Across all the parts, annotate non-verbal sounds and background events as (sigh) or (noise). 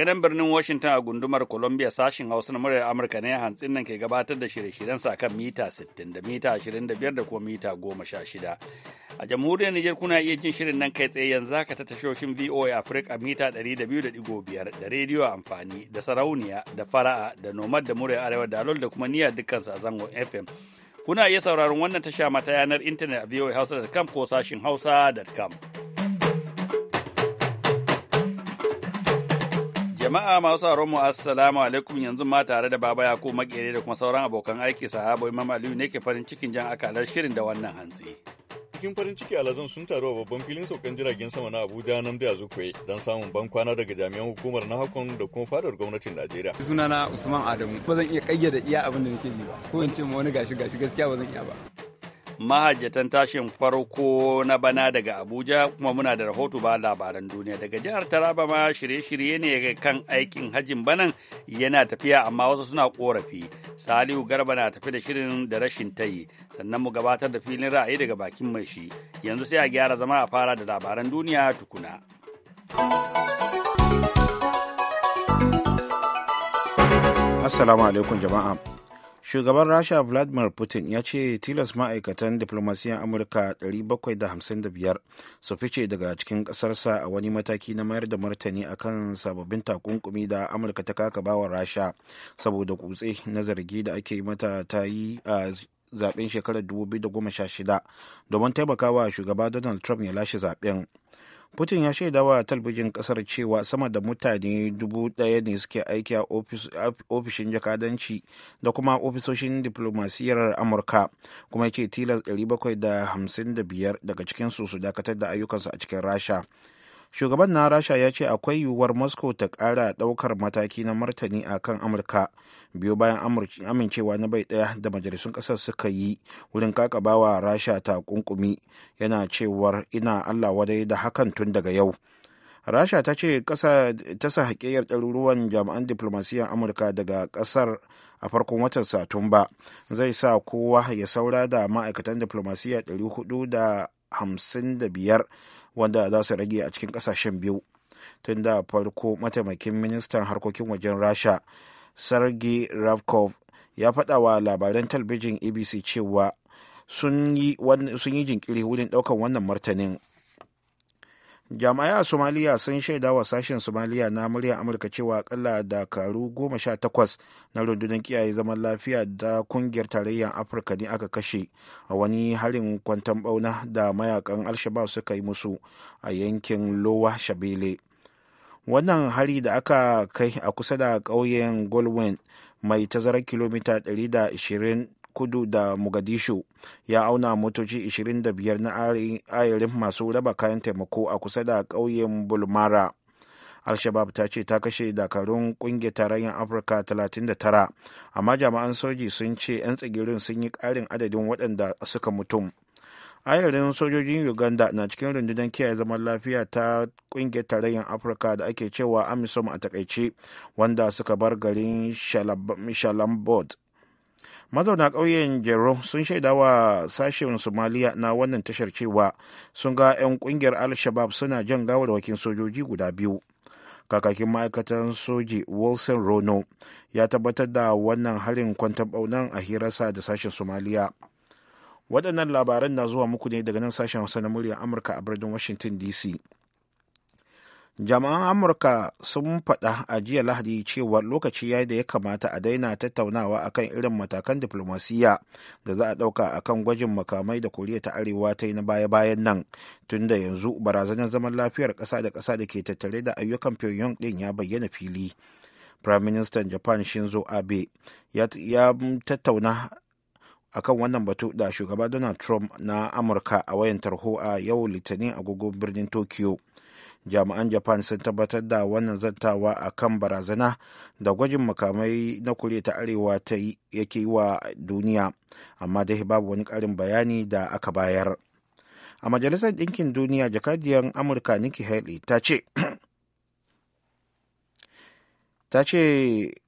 Daga nan birnin Washington a gundumar Columbia sashin Hausa na muryar Amurka ne hantsin nan ke gabatar da shirye shiryen sa kan mita 60 da mita 25 da kuma mita 16. A jamhuriyar Nijar kuna iya jin shirin nan kai tsaye yanzu haka ta tashoshin VOA Africa mita 200.5 da rediyo amfani da sarauniya da fara'a da nomad da muryar arewa da da kuma niya dukkansu a zangon FM. Kuna iya sauraron wannan tasha mata yanar intanet a voahausa.com ko sashin hausa.com. Jama'a masu sauraron mu assalamu alaikum yanzu ma tare da Baba ko Makere da kuma sauran abokan aiki sahabo Imam Aliyu ne ke farin cikin jan akalar shirin da wannan hantsi. cikin farin ciki alazan sun taru a babban filin saukan jiragen sama na abuja nan da zukwe don samun ban kwana daga jami'an hukumar na hakon da kuma fadar gwamnatin najeriya sunana usman adamu ba zan iya kayyade iya abin da nake ji ba ko in ce ma wani gashi gashi gaskiya ba zan iya ba mahajjatan tashin farko na bana daga abuja kuma muna da rahoto ba labaran duniya daga jihar taraba ma shirye-shirye ne kan aikin hajjin banan yana tafiya amma wasu suna korafi salihu garba na tafi da shirin da rashin tayi sannan mu gabatar da filin ra'ayi daga bakin mai shi yanzu sai a gyara zama a fara da labaran duniya tukuna assalamu alaikum jama'a shugaban rasha vladimir putin ya ce tilas ma'aikatan diplomasiyan amurka 755 su fice daga cikin ƙasarsa a wani mataki na mayar da martani akan sababbin takunkumi da amurka ta kaka bawa rasha saboda kutse na zargi da ake mata ta yi a zaben shekarar 2016 domin taimakawa shugaba donald trump ya lashe zaben putin ya shaida wa talbijin kasar cewa sama da mutane dubu ɗaya ne suke aiki a ofishin jakadanci da kuma ofisoshin diplomasiyyar amurka kuma ya ce tilas 755 daga cikinsu su dakatar da ayyukansu a cikin rasha shugaban na rasha ya ce akwai yiwuwar moscow ta kara daukar mataki na martani a kan amurka biyo bayan amincewa na bai daya da majalisun kasar suka yi wurin kakabawa rasha ta kunkumi yana cewar ina allah wadai da hakan tun daga yau rasha ta ce ta sa haƙiyar ɗaruruwan jami'an diplomasiyyar amurka daga ƙasar a farkon watan satumba zai sa kowa ya saura da ma'aikatan diplomasiyyar 455 wanda za su rage a cikin kasashen biyu tun da farko mataimakin ministan harkokin wajen rasha sergei ravkov ya faɗa wa labaran talbijin abc cewa sun yi jinkiri wurin ɗaukan wannan martanin jami'ai a somaliya sun shaida wa sashen somaliya na murya amurka cewa akalla dakaru goma sha takwas na rundunar kiyaye zaman lafiya da kungiyar tarayyar afirka ne aka kashe a wani harin kwantan bauna da mayakan alshabab suka yi musu a yankin lowa shabele wannan hari da aka kai a kusa da ƙauyen golwen mai tazarar kilomita 120 kudu da mogadishu ya auna motoci 25 na ayarin masu raba kayan taimako a kusa da ƙauyen bulmara al ta ce ta kashe dakarun kungiyar tarayyar afirka 39 amma jami'an soji sun ce 'yan tsigirin sun yi ƙarin adadin waɗanda suka mutum ayarin sojojin uganda na cikin rundunar kiyaye zaman lafiya ta kungiyar tarayyar afirka da ake cewa amisom a takaice wanda suka bar garin shalambod mazauna ƙauyen jero sun shaida wa sashen somaliya na wannan tashar cewa sun ga 'yan ƙungiyar al-shabab suna jan gawarwakin sojoji guda biyu kakakin ma'aikatan soji wilson rono ya tabbatar da wannan harin kwantar ɓaunan a hirarsa da sashen somaliya waɗannan labaran na zuwa muku ne daga nan sashen hausa na murya amurka a birnin washington dc jama'an amurka sun faɗa a jiya lahadi cewa lokaci ya da ya kamata a daina tattaunawa akan irin matakan diflomasiyya da za a ɗauka akan gwajin makamai da koriya ta arewa ta yi na baya-bayan nan tun da yanzu barazanar zaman lafiyar ƙasa da ƙasa da ke tattare da ayyukan pyongyang din ya bayyana fili prime minister japan shinzo abe ya tattauna akan wannan batu da shugaba donald trump na amurka a wayan tarho a yau litinin agogon birnin tokyo jami'an japan sun tabbatar da wannan zantawa a kan barazana da gwajin makamai na kure ta arewa ta yake wa duniya amma dai babu wani karin bayani da aka bayar a majalisar ɗinkin duniya jakadiyar amurka nikki haley ta ce (clears throat)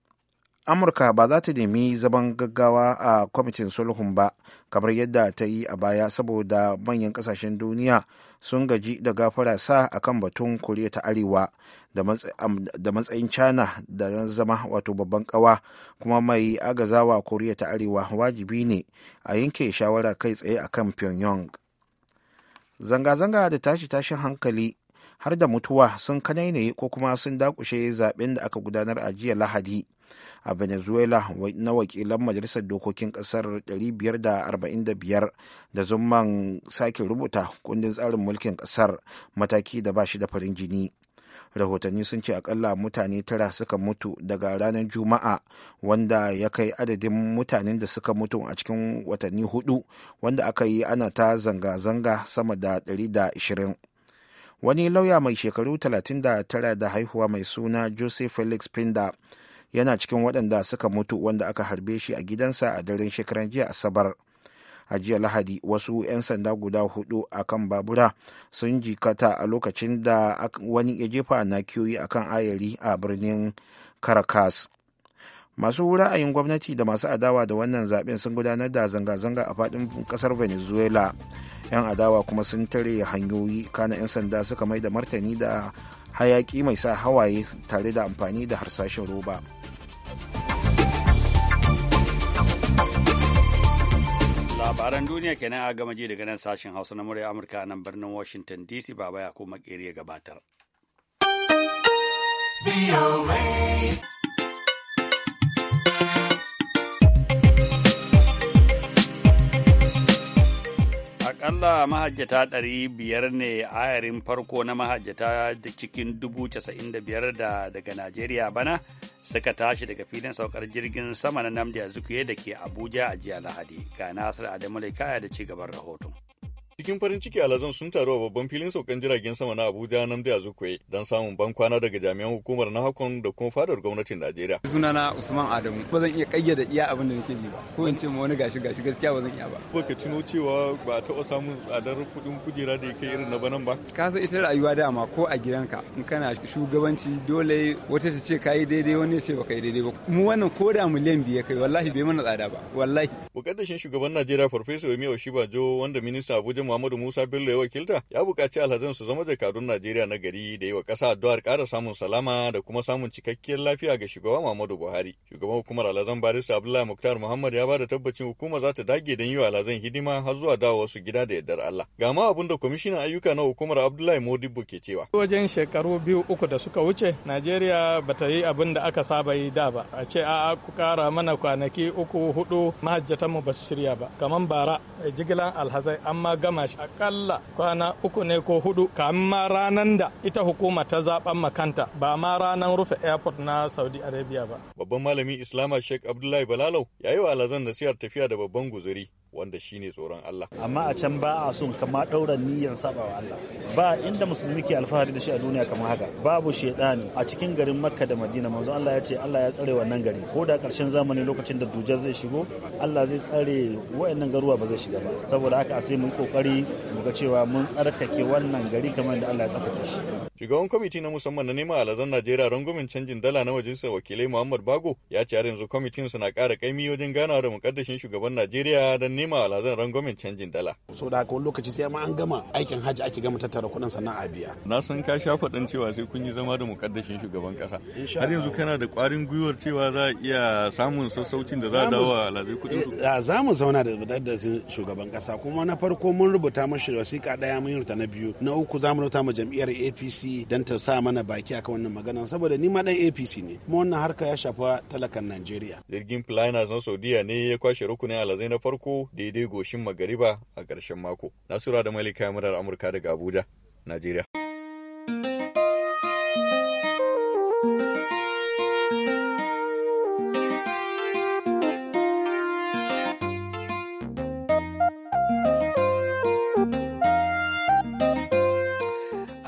amurka ba za ta nemi zaman gaggawa a kwamitin sulhun ba kamar yadda ta yi a baya saboda manyan kasashen duniya sun gaji da gafara sa a kan batun koriya ta arewa da matsayin china da zama wato babban kawa kuma mai agazawa koriya ta arewa wajibi ne a yanke shawara kai tsaye akan pyongyang zanga-zanga da tashi-tashin hankali har da mutuwa sun ne ko kuma sun dakushe zaben da aka gudanar a jiya lahadi a venezuela na wakilan majalisar dokokin kasar 545 da zumman sake rubuta kundin tsarin mulkin kasar mataki da ba shi da farin jini rahotanni sun ce akalla mutane tara suka mutu daga ranar juma'a wanda ya kai adadin mutanen da suka mutu a cikin watanni hudu wanda aka yi ana ta zanga-zanga sama da 120 wani lauya mai shekaru 39 da haihuwa mai suna joseph felix pinda yana cikin waɗanda suka mutu wanda aka harbe shi a gidansa a daren shekaran jiya asabar a jiya lahadi wasu 'yan sanda guda hudu a kan babura sun jikata a lokacin da wani ya jefa na kiyoyi a kan ayari a birnin caracas masu ra'ayin gwamnati da masu adawa da wannan zaben sun gudanar da zanga-zanga a faɗin ƙasar venezuela 'yan adawa kuma sun tare hanyoyi kana 'yan sanda suka mai da martani da hayaki mai sa hawaye tare da amfani da harsashen roba. labaran duniya kenan a gama ji daga nan sashen hausa na murya amurka a nan birnin washington dc baba baya ko ya gabatar. akalla mahajjata ɗari biyar ne ayarin farko na mahajjata da cikin dubu casa'in da biyar da daga najeriya bana suka tashi daga filin saukar jirgin sama na namdi azikiwe da ke abuja a jiya lahadi ga nasir adamu da kaya da ci gaban rahoton Cikin farin ciki alhazan sun taru a babban filin saukan jiragen sama na Abuja Namdi Azukwe don samun ban kwana daga jami'an hukumar na hakon da kuma fadar gwamnatin Najeriya. Sunana Usman Adamu ba zan iya kayyade iya abin da nake ji ba ko in ce ma wani gashi gashi gaskiya ba zan iya ba. Ko ka tuno cewa ba taɓa samun tsadar kuɗin kujera da kai irin na banan ba. Ka san ita rayuwa dama ko a gidanka in kana shugabanci dole wata ta ce kai daidai wani ya ce ba kai daidai ba. Mu wannan ko da miliyan biye kai wallahi bai mana tsada ba wallahi. Bukatashin shugaban Najeriya Farfesa Yemi Oshibajo wanda minista Abuja Alhaji Muhammadu Musa Bello ya wakilta ya buƙaci alhazan su zama jakadun Najeriya na gari da yi wa ƙasa addu'ar ƙara samun salama da kuma samun cikakkiyar lafiya ga shugaba Muhammadu Buhari. Shugaban hukumar alhazan Barista Abdullahi Muktar Muhammad ya ba da tabbacin hukuma za ta dage don yi wa alhazan hidima har zuwa dawo wasu gida da yardar Allah. Ga ma abin da kwamishinan ayyuka na hukumar Abdullahi Modibo ke cewa. Wajen shekaru biyu uku da suka wuce Najeriya bata yi abin da aka saba yi da ba. A ce a'a ku ƙara mana kwanaki uku hudu mahajjatanmu ba su shirya ba. Kaman bara jigilan alhazai amma gama gama shi akalla kwana uku ne ko hudu kamin ma ranan da ita hukuma ta zaben makanta ba ma ranar rufe airport na Saudi Arabia ba. Babban malami Islama Sheikh Abdullahi Balalau ya yi wa alazan nasiyar tafiya da babban guzuri wanda shine tsoron Allah. Amma a can ba a son kama ɗaura niyyar saba wa Allah. Ba inda musulmi ke alfahari da shi a duniya kamar haka. Babu shaidani a cikin garin Makka da Madina manzo Allah ya ce Allah ya tsare wannan gari. Ko da ƙarshen zamani lokacin da dujar zai shigo Allah zai tsare wayannan garuwa ba zai shiga ba. Saboda haka a sai mu yi kokari mu ga cewa mun tsarkake wannan gari kamar da Allah ya tsarkake shi. Shugaban kwamiti na musamman na nema alazan Najeriya rangumin canjin dala na majalisar wakilai Muhammad Bago ya ce har yanzu kwamitin suna ƙara kaimi wajen ganawa da mukaddashin shugaban Najeriya don nema alazan rangumin canjin dala. So da haka wani lokaci sai ma an gama aikin hajji ake gama tattara kuɗin sana'a biya. Na san ka sha faɗin cewa sai kun yi zama da mukaddashin shugaban ƙasa. Har yanzu kana da ƙwarin gwiwar cewa za a iya samun sassaucin da za a dawo a alazai kuɗin su. Eh, za mu zauna da mukaddashin shugaban kasa kuma na farko mun rubuta mashi wasiƙa ɗaya mun yi na biyu na uku za mu rubuta ma jam'iyyar APC dan don ta sa mana baki akan wannan magana saboda ni ma dan APC ne kuma wannan harka ya shafa talakan Najeriya. Jirgin Flyers na Saudiya ne ya kwashe rukunin alazai na farko daidai goshin magariba a karshen mako. Nasura da Malika Murar Amurka daga Abuja, Najeriya.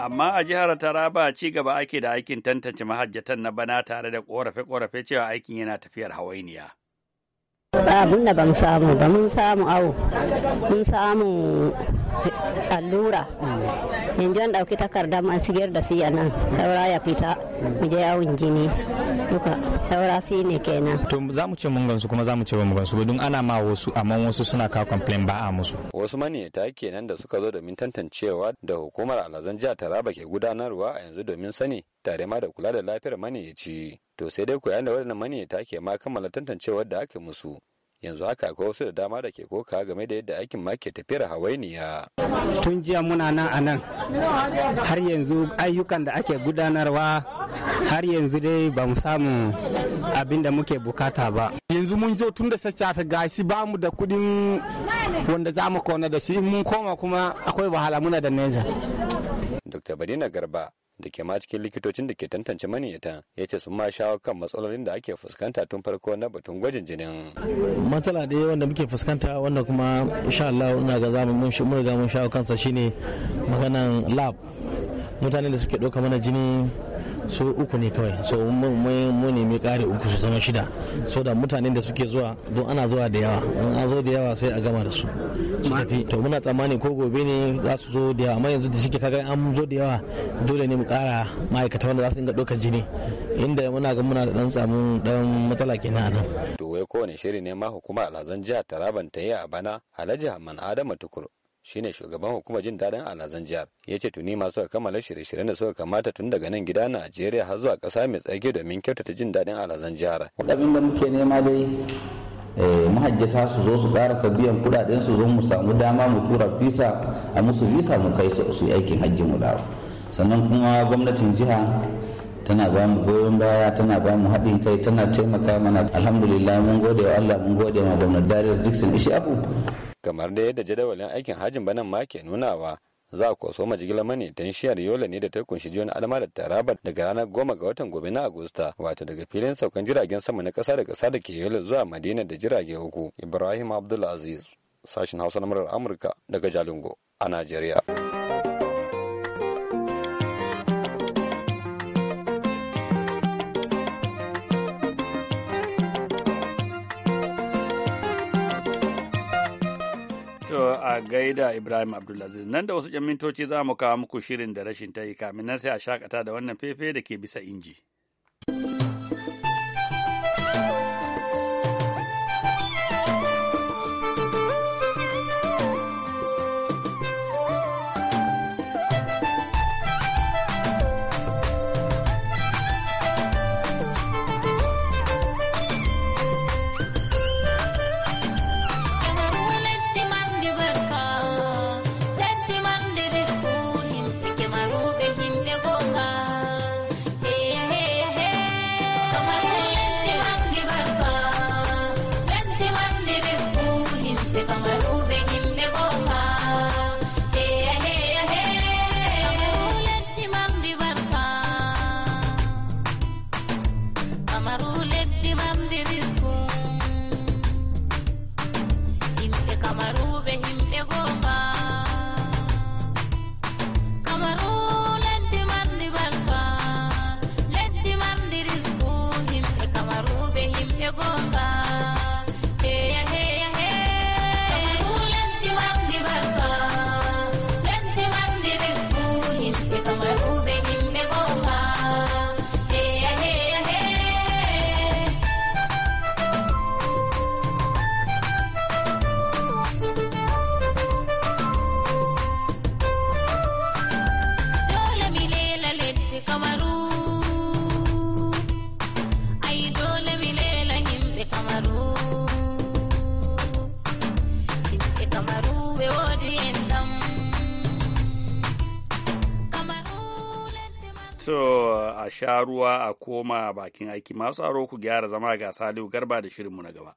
amma a jihar Taraba ci gaba ake da aikin tantance mahajjatan na bana tare da korafe-korafe cewa aikin yana tafiyar hawainiya. abun da ba mu samu ba mun samu awo mun samu allura yanzu an ɗauki takarda ma sigar da siya nan saura ya fita mu je yawon jini duka saura si ne kenan to za mu ce mun gansu kuma za mu ce ba mu gansu ba don ana ma wasu amma wasu suna kawo complain ba a musu wasu maniyata kenan da suka zo domin tantancewa da hukumar alazan jihar taraba ke gudanarwa a yanzu domin sani tare ma da kula da lafiyar maniyaci to sai dai koyan da waɗannan maniyyata ke ma kammala tantancewar da aka musu yanzu haka akwai wasu da dama da ke koka game da yadda aikin ma ke tafiyar hawainiya. Tun jiya muna nan a nan har yanzu ayyukan da ake gudanarwa har yanzu dai ba mu samu abin da muke bukata ba. Yanzu mun zo tun da sassafe gashi ba mu da kudin wanda za mu kona da shi mun koma kuma akwai wahala muna da neza. Dr. Badina Garba da ke ma cikin likitocin da ke tantance maniyyata ya ce sun ma shawo kan matsalolin da ake fuskanta tun farko na batun gwajin jinin. matsala da yawan da muke fuskanta wanda kuma insha Allah ina ga zamu mun mun riga mun shawo kansa shine maganan lab mutane da suke ɗauka mana jini so uku ne kawai so mu nemi kare uku su zama shida so da mutanen da suke zuwa don ana zuwa da yawa don an zo da yawa sai a gama da su su tafi to muna tsammani ko gobe ne za su zo da yawa amma yanzu da suke kaga an zo da yawa dole ne mu kara ma'aikata wanda za su dinga ɗaukar jini inda muna ga muna da dan samu dan matsala kenan nan to wai kowane shiri ne ma hukuma alhazan jihar Taraban ta yi a bana Alhaji Hamman Adama tukuru shine shugaban hukumar jin daɗin alhazan jihar ya ce tuni masu kammala shirye-shiryen da suka kamata tun daga nan gida najeriya har zuwa kasa mai tsage domin kyautata jin daɗin alhazan jihar abin da muke nema dai eh, mahajjata su zo su ƙara biyan kuɗaɗen su zo mu samu dama mu tura visa a musu visa mu kai su aikin hajji mu dawo sannan kuma gwamnatin jiha tana ba mu goyon baya tana ba mu haɗin kai tana taimaka mana alhamdulillah mun gode wa Allah mun gode wa gwamnati Darius Dixon ishi abu kamar da yadda jadawalin aikin hajin banan ma ke nunawa za ku so mani manitan shiyar yola ne da ta kunshi jiyon adama da taraba daga ranar goma ga watan gobe na agusta wato daga filin saukan jiragen sama na kasa da kasa da ke yola zuwa madina da jirage uku ibrahim abdulaziz sashen hausa na murar amurka daga jalingo a najeriya. To a gaida Ibrahim Abdulaziz nan da wasu ƴan mintoci za mu kawo muku shirin da rashin ta yi kamin nan sai a shakata da wannan fefe da ke bisa inji. Amaru letti mamdiri so a sha ruwa a koma bakin aiki masu aro ku gyara zama ga salihu garba da shirinmu na gaba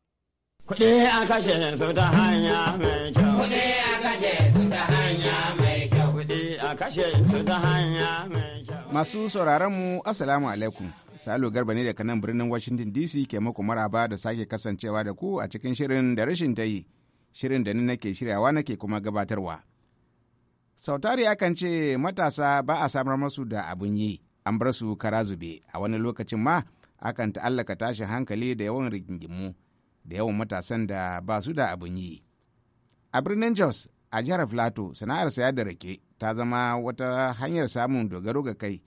kuɗi a kashe su ta hanya mai kyau kuɗi a kashe su ta hanya mai kyau kuɗi a kashe su ta hanya mai kyau masu sauraron mu assalamu alaikum Salo Garba ne daga nan birnin Washington DC ke muku maraba da sake kasancewa da ku a cikin shirin da rashin ta yi, shirin da ni nake shiryawa nake kuma gabatarwa. sautari akan ce matasa ba a samar masu da abun yi an bar su kara zube a wani lokacin ma akan ta'allaka tashin hankali da yawan rigingimu da yawan matasan da ba su da abun yi a birnin jos a jihar filato sana'ar saya da rake ta zama wata hanyar samun dogaro ga kai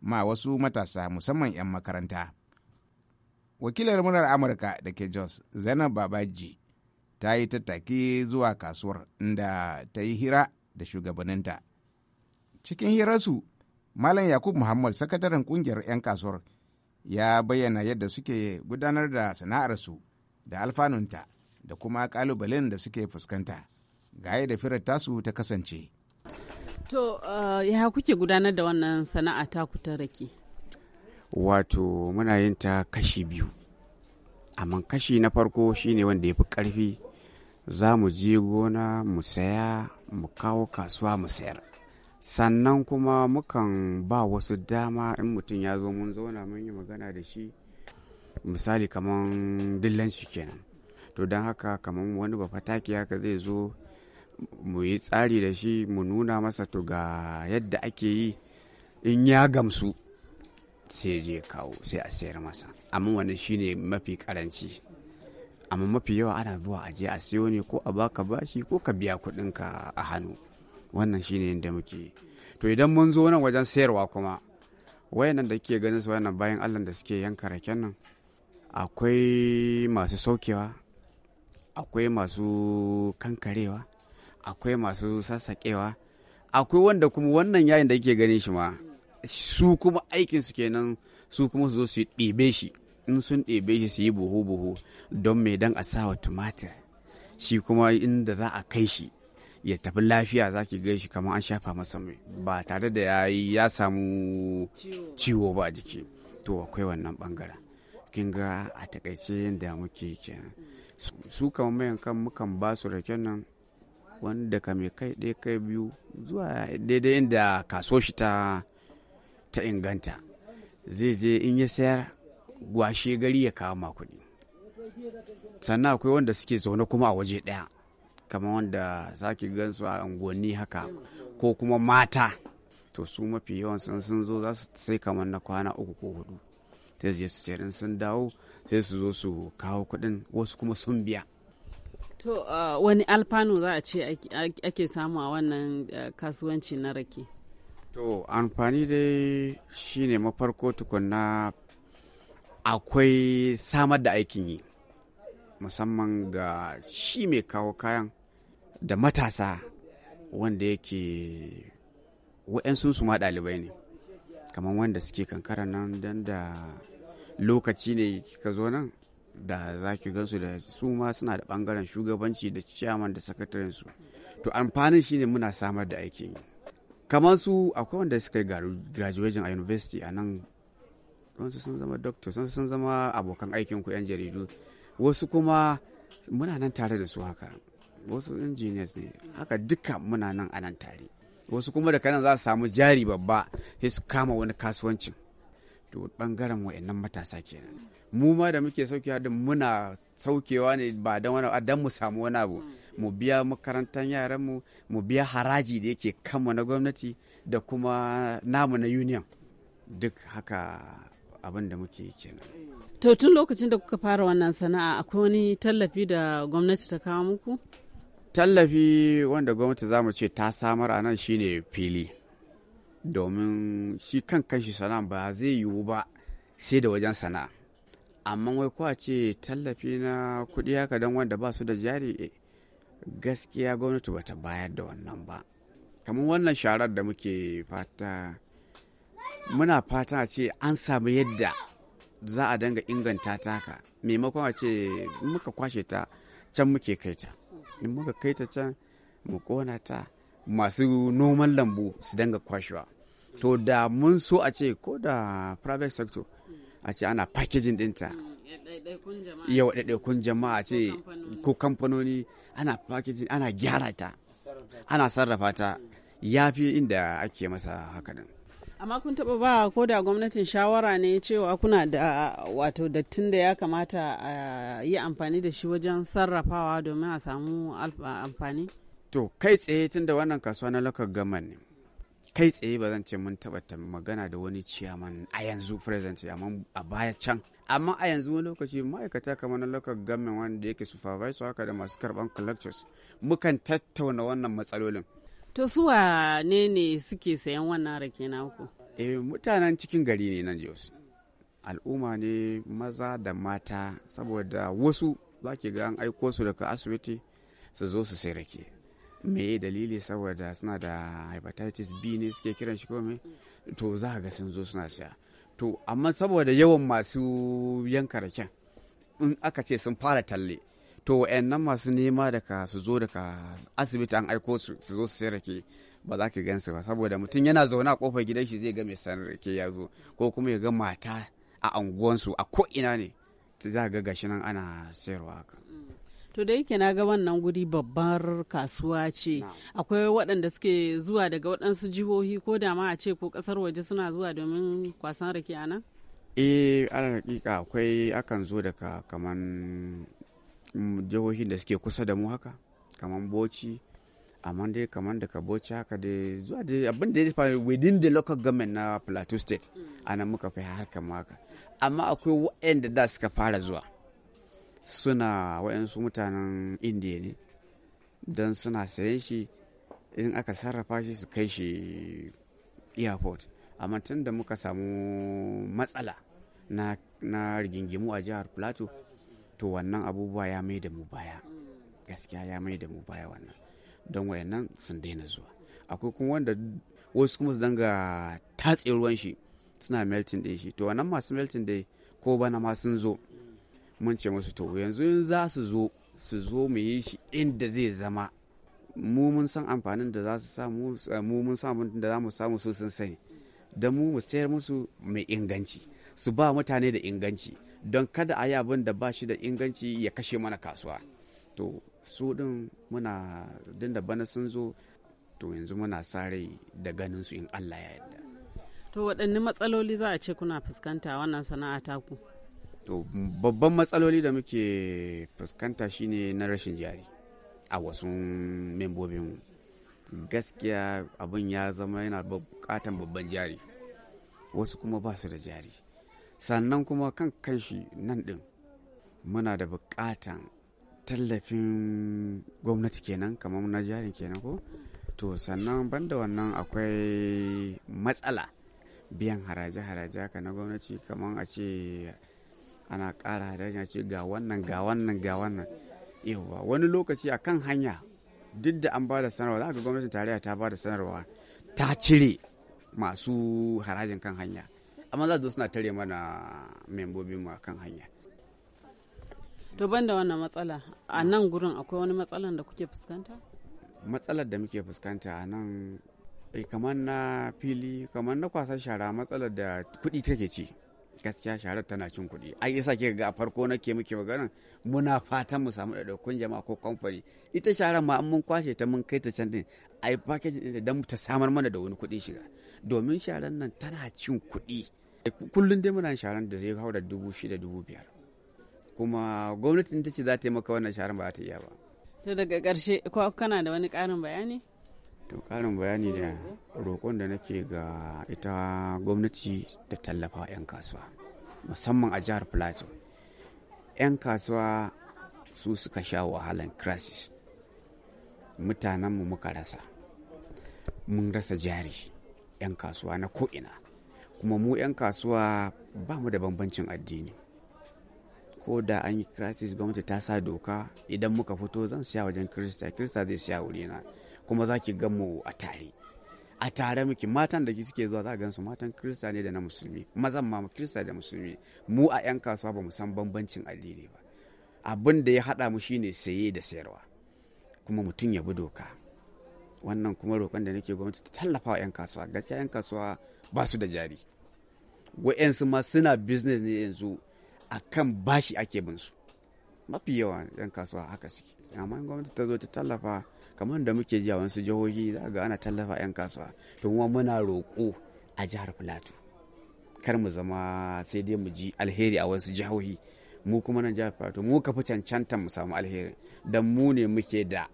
ma wasu matasa musamman 'yan makaranta wakilar murar amurka da ke jos zainab babaji ta yi tattaki zuwa kasuwar inda ta yi hira da shugabanninta cikin hirarsu malam yakub muhammad sakataren kungiyar 'yan kasuwar ya bayyana yadda suke gudanar da sana'arsu da alfanunta da kuma kalubalen da suke fuskanta ga da firar tasu ta kasance to uh, ya kuke gudanar da wannan sana'a ta kuta rake wato muna yin ta kashi biyu amma kashi na farko shine wanda ya fi ƙarfi za mu je gona mu saya mu kawo kasuwa mu sayar sannan kuma mukan ba wasu dama in mutum ya zo mun zauna mun yi magana da shi misali kaman dillanci kenan to don haka kaman wani ba fataki haka zai zo mu yi tsari da shi mu nuna masa to ga yadda ake yi in ya gamsu sai je kawo sai a sayar masa amma wannan shine mafi karanci amma mafi yawa ana zuwa a je a siyo ne ko a baka bashi ko ka biya kuɗinka a hannu wannan shine yadda muke to idan mun zo nan wajen sayarwa kuma wayannan da ke ganin su wayannan bayan allah da suke yanka raken nan akwai masu saukewa akwai masu kankarewa akwai masu sassaƙewa akwai wanda kuma wannan yayin da ke ganin shi ma su kuma aikin kenan su kuma su zo su ɗebe shi in sun ɗebe shi su yi buhu-buhu don mai dan a sawa tumatir shi kuma inda za a kai shi ya tafi lafiya za ki shi kamar an shafa masa mai ba tare da ya yi ya samu ciwo ba a jiki to akwai wannan bangaren kin ga a takaice yadda muke kenan su kamar mayan kan mukan ba su raken nan wanda ka mai kai ɗaya kai biyu zuwa daidai inda kaso shi ta inganta zai je in ya sayar washe gari ya kawo makudi kuɗi sannan akwai wanda suke zaune kuma a waje daya kamar wanda sake gansu a unguwanni haka ko kuma mata to su mafi yawan sun sun zo za su sai kamar na kwana uku ko hudu sai su je su sayarin sun dawo sai su zo su kawo kuɗin wasu kuma sun biya to uh, wani alfano za a ce ake samu a wannan uh, kasuwanci na rake to amfani dai shine mafarko na. akwai samar da aikin yi musamman ga shi mai kawo kayan da matasa wanda yake wa'yansu su ma ɗalibai ne kamar wanda suke kankara nan don da lokaci ne kika zo nan da za ki gansu da su ma suna da ɓangaren shugabanci da ciyaman da sakataren su to amfanin shine muna samar da aikin yi kamar su akwai wanda suka yi graduation a university a nan wasu sun zama doctor wasu sun zama abokan aikin ku yan jaridu wasu kuma muna nan tare da su haka wasu engineers ne haka duka muna nan a nan tare wasu kuma da kanan za su samu jari babba his kama wani kasuwancin to bangaren nan matasa kenan mu ma da muke saukewa din muna saukewa ne ba dan wani dan mu samu wani abu mu biya makarantar yaran mu mu biya haraji da yake kama na gwamnati da kuma namu na union duk haka abin da muke kenan. To tun lokacin da kuka fara wannan sana'a akwai wani tallafi da gwamnati ta kawo muku? Tallafi wanda gwamnati za mu ce ta samar a nan shine fili. Domin shi kan kanshi sana'a ba zai yiwu ba sai da wajen sana'a. Amma wai kuwa ce tallafi na kuɗi haka don wanda ba su da jari eh, gaskiya gwamnati bata bayar da wannan ba. Kamar wannan sharar da muke fata muna fata a ce an samu yadda za a danga inganta taka maimakon a ce muka kwashe ta can muke kai ta in muka kai ta can mu kona ta masu noman lambu su danga kwashewa to da mun so a ce ko da private sector a ce ana packaging dinta mm, eh, yau ɗaiɗaikun jama'a ce ko kamfanoni ana packaging ana gyara ta ana sarrafa ta ya fi inda ake masa hakanan amma kun taba ba ko da gwamnatin shawara ne cewa kuna da wato dattin da ya kamata a yi amfani da shi wajen sarrafawa domin a samu amfani to kai tsaye tun da wannan kasuwa na lokal gaman ne kai tsaye ba zan ce mun taba magana da wani ciyaman a yanzu present amma a baya can amma a yanzu wani lokaci ma'aikata kamar na local government wanda yake supervisor haka da masu karban collectors mukan tattauna wannan matsalolin To suwa ne ne suke sayan wannan rake uku? Eh mutanen cikin gari ne nan Jos. Al'umma ne maza da mata saboda wasu za ki ga an aiko su daga asibiti su zo su sai rake. Me dalili saboda suna da hepatitis B ne suke kiran shi kome? To za ga sun zo suna sha. To amma saboda yawan masu yanka raken in aka ce sun fara talle to nan masu nema daga su zo daga asibiti an aiko su su zo su sai rake ba za ka gansu ba saboda mutum yana zaune a kofar gidan shi zai ga mai san rake ya zo ko kuma ya ga mata a anguwansu a ko ina ne za ga gashi nan ana sayarwa haka mm. to da yake na ga wannan guri babbar kasuwa ce akwai waɗanda suke zuwa daga waɗansu jihohi ko da ma a ce ko ƙasar waje suna zuwa domin kwasan rake a nan eh ana hakika akwai akan zo daga kaman Mm, jihohin da suke kusa da mu haka kamar boci amma dai kamar boci haka dai zuwa dai abin da ya faru within the local government na plateau state mm. ana muka fi harkar mu haka amma akwai waɗanda da suka fara zuwa suna waɗansu mutanen indiya ne don suna sayan shi in aka sarrafa shi su kai shi airport amma tun da muka samu matsala na, na rigingimu a jihar plateau to wannan abubuwa ya mai da mu baya gaskiya ya mai da mu baya wannan don wayannan sun daina zuwa akwai kuma wanda wasu kuma su danga tatse ruwan shi suna melting din shi to wannan masu melting dai ko bana ma sun zo mun ce musu to yanzu in za su zo su zo mu yi shi inda zai zama mu mun san amfanin da za su samu mu mun san abin da za mu samu su sun sani da mu mu sayar musu mai inganci su ba mutane da inganci don kada a yi abin da ba shi da inganci ya kashe mana kasuwa to su din muna din da bana sun zo to yanzu muna sare da ganin su in Allah ya yadda. to waɗanne matsaloli za a ce kuna fuskanta wannan sana'a taku to babban matsaloli da muke fuskanta shine na rashin jari a wasu membobin gaskiya abin ya zama yana buƙatan babban jari wasu kuma ba su da jari sannan kuma kan kanshi nan ɗin muna da buƙatan tallafin gwamnati kenan kamar na jarin kenan ko to sannan banda wannan akwai matsala biyan haraje-haraje haka na gwamnati kamar a ce ana ƙara a ce ga wannan ga wannan ga wannan yawa wani lokaci a kan hanya duk da an ba da sanarwa za ga gwamnatin tarayya ta ba da sanarwa ta cire masu harajin kan hanya amma za su suna tare mana membobi mu kan hanya to da wannan matsala a nan gurin akwai wani matsalan da kuke fuskanta matsalar da muke fuskanta a nan eh, kamar na fili kamar na kwasar shara matsalar da kuɗi take ci gaskiya sharar tana cin kuɗi ai isa ke ga farko na ke muke maganin muna fatan mu samu ɗaiɗaikun jama'a ko kamfani ita shara ma mun kwashe ta mun kai ta can din ai fakin ɗin da ta samar mana da wani kuɗi shiga domin sharan nan tana cin kuɗi kullum dai muna sharan da zai da dubu shida dubu biyar kuma gwamnatin ta ce za ta yi maka wannan sharan ba ta iya ba to daga ƙarshe ko kana da wani ƙarin bayani to ƙarin bayani da roƙon da nake ga ita gwamnati da tallafa 'yan kasuwa musamman a jihar plateau 'yan kasuwa su suka sha wahalan crisis mutanenmu muka rasa mun rasa jari 'yan kasuwa na ko'ina kuma mu 'yan kasuwa ba mu da bambancin addini ko da an yi crisis gwamnati ta sa doka idan muka fito zan siya wajen kirista kirista zai siya wuri wurina kuma za ki mu a tare a tare muke matan da suke zuwa za gan su matan kirista ne da na musulmi mazan ma kirista da musulmi mu a 'yan kasuwa ba mu san bambancin addini ba abin da ya haɗa mu shine saye da sayarwa kuma mutum ya bi doka wannan kuma roƙon da nake gwamnati ta tallafa wa 'yan kasuwa gaskiya 'yan kasuwa ba su da jari wa'yansu ma suna business ne yanzu a kan bashi ake bin su mafi yawa 'yan kasuwa haka suke amma gwamnati ta zo ta tallafa kamar da muke ji a wasu jihohi za ga ana tallafa 'yan kasuwa to kuma muna roƙo a jihar filato kar mu zama sai dai mu ji alheri a wasu jihohi mu kuma nan jihar filato mu ka fi cancanta mu samu alheri. don mu ne muke da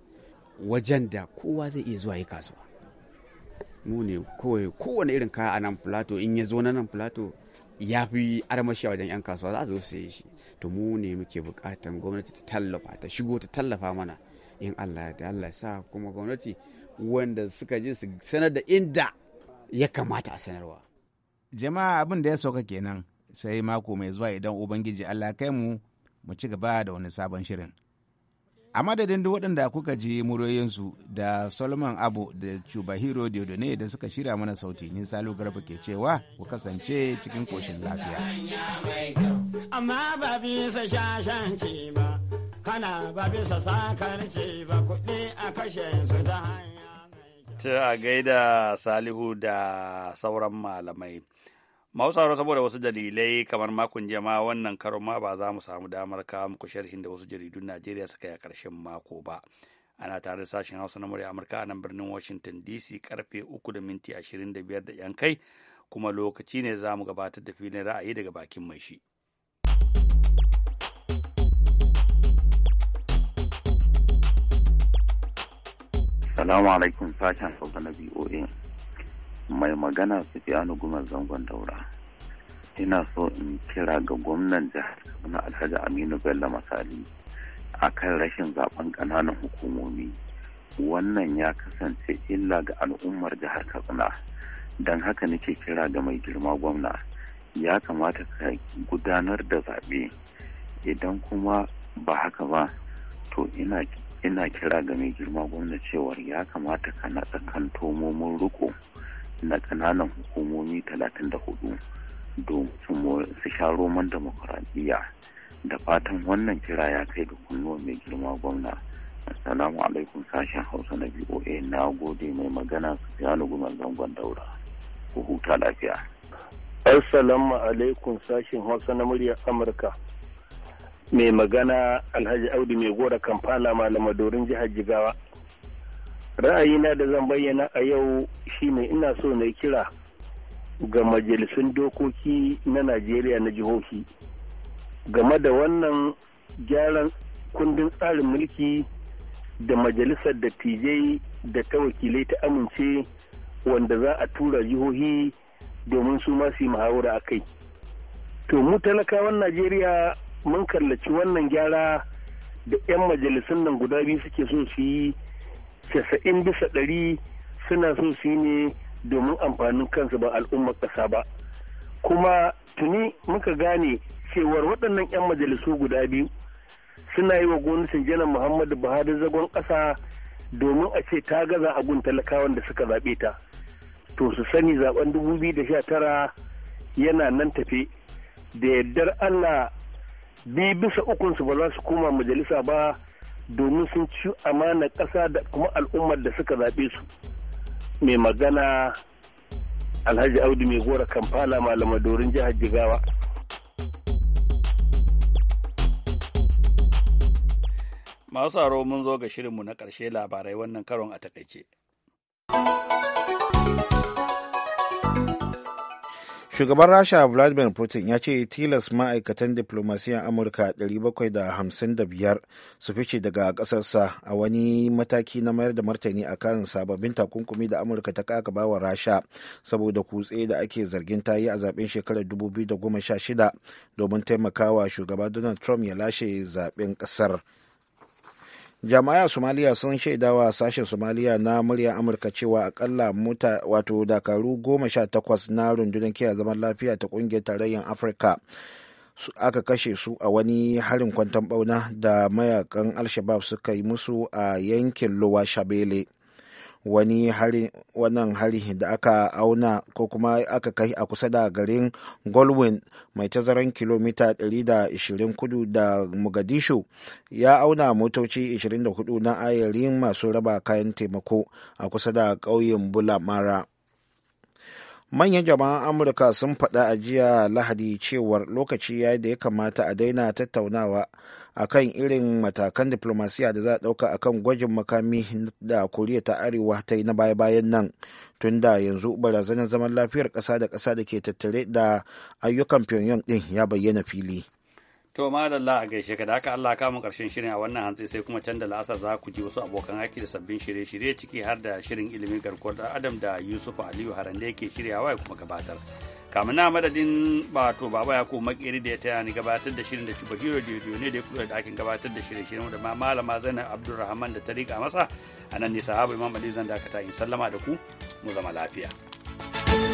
wajen da kowa zai iya zuwa yi kasuwa mu ne kowane irin kaya a nan plato in ya zo na nan plato ya fi armashi a wajen 'yan kasuwa za su yi shi to mu ne muke bukatan gwamnati ta tallafa ta shigo ta tallafa mana in Allah ya Allah sa kuma gwamnati wanda suka je su sanar da inda ya kamata a sanarwa jama'a abin da ya sauka kenan sai mako mai zuwa idan ubangiji Allah kai mu mu ci gaba da wani sabon shirin a madadin da waɗanda kuka ji muryoyinsu da solomon abu da chubahiro diodone da suka shirya mana sauti ni salu garba ke cewa ku kasance cikin koshin lafiya amma ba bisa shashanci ba kana ba bisa sakarci ba kuɗi a kashe su ta hanya ta a gaida salihu da sauran malamai Mausaro saboda wasu dalilai kamar makon jama wannan karo ma ba za mu samu damar kawo muku sharhin da wasu jaridun Najeriya suka yi a ƙarshen mako ba. Ana tare da sashen Hausa na murya Amurka a nan birnin Washington DC karfe uku da minti ashirin da biyar da ‘yan kai kuma lokaci ne za mu gabatar da filin ra'ayi daga bakin mai shi. Salamu alaikum sashen Hausa na BOA. mai magana sufiyanu gumar zangon daura ina so in kira ga gwamnan jihar kaduna alhaji aminu bello masali kan rashin zaben ƙananan hukumomi wannan ya kasance illa ga al'ummar jihar katsina don haka nake kira ga mai girma gwamna ya kamata ka gudanar da zaɓe idan kuma ba haka ba to ina ina kira ga mai girma gwamna cewar ya kamata ka na kan tomomin riko na ƙananan hukumomi 34 hudu su sha roman demokuraɗiyya da fatan wannan kira ya kai ga kunnuwa mai girma gwamna assalamu alaikum sashen hausa na voa na gode mai magana su gudun zangon daura ku huta lafiya assalamu alaikum sashen hausa na muryar amurka mai magana alhaji audu mai gora kamfana malamadorin jihar jigawa ra'ayina da zan bayyana a yau shine ina so na kira ga majalisun dokoki na najeriya na jihohi game da wannan gyaran kundin tsarin mulki da majalisar dattijai da ta wakilai ta amince wanda za a tura jihohi domin su masu yi muhawara a kai to mu talakawan najeriya mun kallaci wannan gyara da 'yan majalisun nan guda biyu suke so su yi casa'in bisa ɗari suna so su yi ne domin amfanin kansu ba al'ummar ƙasa ba kuma tuni muka gane cewar waɗannan 'yan majalisu guda biyu suna yi wa gwamnatin janar muhammadu buhari zagon ƙasa domin a ce ta gaza a gun talakawan da suka zaɓe ta to su sani zaɓen dubu zaben 2019 yana nan tafe da yardar allah biyu bisa ukunsu ba za su koma majalisa ba domin sun ci amana ƙasa da kuma al'ummar da suka zaɓe su mai magana alhaji audu mai gora kamfala dorin jihar jigawa masu haro mun zo ga shirinmu na ƙarshe labarai wannan karon a takaice. shugaban rasha vladimir putin ya ce tilas ma'aikatan diplomasiyyar amurka 755 su fice daga ƙasarsa a wani mataki na mayar da martani a kan sababbin takunkumi da amurka ta kaka wa rasha saboda kutse da ake zargin ta yi a zaben shekarar 2016 domin taimakawa shugaba donald trump ya lashe zaben ƙasar. jama'a somaliya sun shaidawa sashen somaliya na muryar amurka cewa akalla mota wato dakaru goma sha takwas na rundunar kiyar zaman lafiya ta kungiyar tarayyar afirka aka kashe su a wani harin kwanton bauna da mayakan alshabab suka yi musu a yankin lowa shabele wani hari wannan hari da aka auna ko kuma aka kai a kusa da garin golwin mai tazaran kilomita 120 kudu da mogadishu ya auna motoci 24 na ayarin masu raba kayan taimako a kusa da ƙauyen bulamara manyan jama'an amurka sun faɗa a jiya lahadi cewar lokaci ya da ya kamata a daina tattaunawa a kan irin matakan diplomasiya da za a ɗauka kan gwajin makami da koriya ta arewa ta yi na baya-bayan nan tun da yanzu barazanar zaman lafiyar ƙasa da ƙasa da ke tattare da ayyukan pyongyang ɗin ya bayyana fili To Allah a gaishe ka da haka Allah ka mu karshen shirin a wannan hantsi sai kuma can da la'asar za ku ji wasu abokan aiki da sabbin shirye-shirye ciki har da shirin ilimin garkuwar da Adam da Yusuf Aliyu Harande yake shiryawa ya kuma gabatar. Kamun na madadin wato baba ya ko makeri da ya taya ni gabatar da shirin da Cuba Hero da ne da ya kula da gabatar da shirye shirye da ma malama Zainab Abdulrahman da ta rika masa a nan ne sahaba Imam Ali zan dakata in sallama da ku mu zama lafiya.